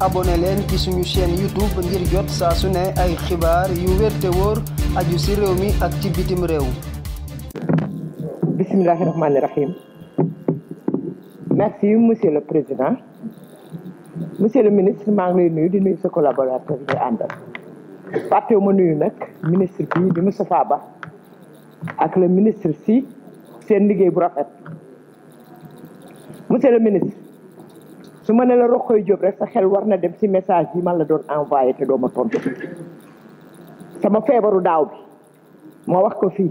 abone leen ci suñu chaîne YouTube ngir jot saa su ne ay xibaar yu wér te wóor aju ci réew mi ak ci bitim réew. bismillahi rahmaani rahim. merci monsieur le président. monsieur le ministre maa ngi lay nuyu di nuyu sa collaborateur di àndal. fàttewu ma nuyu nag ministre ki di Moustapha Ba ak le ministre si seen liggéey bu rafet. monsieur le ministre. su ma ne la Rokhaya Diop rek sa xel war na dem si message yi man la doon envoyé te doo ma tontu sama feebaru daaw bi ma wax ko fii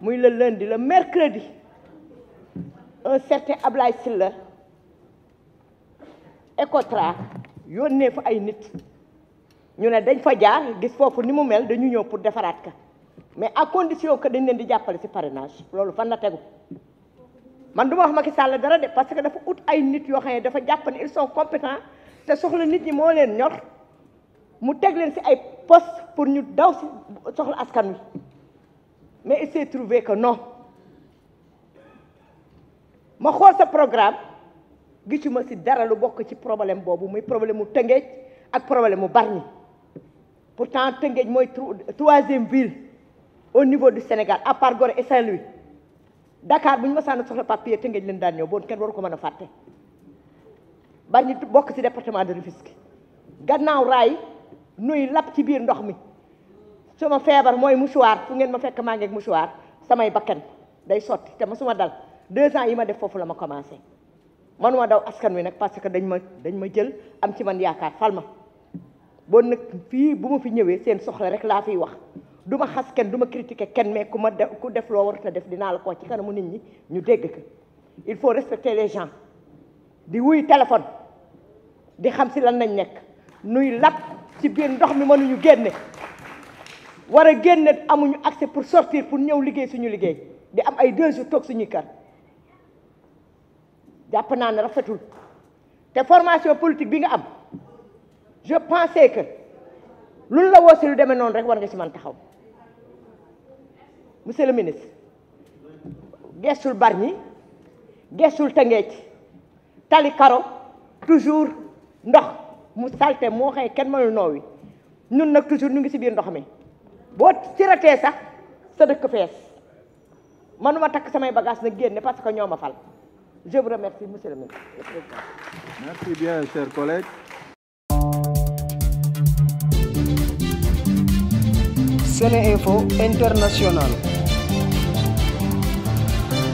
muy le lundi le mercredi un certain Ablaye Sylla Ecotra yónnee fa ay nit ñu ne dañ fa jaar gis foofu ni mu mel dañu ñëw pour defaraat ka mais ak condition que dañ leen di jàppale si parrainage loolu fan la tegu man du ma wax Macky Sall dara de parce que dafa ut ay nit yoo xam ne dafa jàpp ne ils sont te soxla nit ñi moo leen ñor mu teg leen si ay poste pour ñu daw si soxla askan wi mais il s'est trouvé que non ma xool sa programme gisuma si dara lu bokk ci problème boobu muy problème mu Tëngéej ak problème mu Bargny pourtant Tëngéej mooy troisième ville au niveau du Sénégal à part Gorée et Dakar bu ñu masaana soxla papier te ngeen leen daan ñëw boon kenn waru ko mën a fàtte bari ñu bokk ci département de Rufisque gannaaw raay nuy lap ci biir ndox mi suma feebar mooy mouchoir fu ngeen ma fekk maa ngeeg mouchoir samay bakkan day sotti te ma suma dal deux ans yi ma def foofu la ma commencé manuma daw askan wi nag parce que dañ ma dañ ma jël am ci man yaakaar fal ma bon nag fii bu ma fi ñëwee seen soxla rek laa fiy wax du ma xas kenn du ma critiquer kenn mais ku ma def ku def loo warut def dinaa la ko ci kanamu nit ñi ñu dégg ko il faut respecter les gens di wuy téléphone di xam si lan nañ nekk nuy lap ci biir ndox mi mënuñu génne war a génne amuñu accès pour sortir pour ñëw liggéey suñu liggéey di am ay deux jours toog suñuy kër jàpp naa ne rafetul te formation politique bi nga am je pensais que lu la woo si lu demee noonu rek war nga si man taxaw monsieur le ministre gesul Bargny gesul Tëngéej tali karo toujours ndox mu salte moo xëy kenn mënul noowi ñun nag toujours ñu ngi ci biir ndox mi boo siratee sax sa dëkk fees manuma takk samay bagage nag génne parce que ñoo ma fal je vous International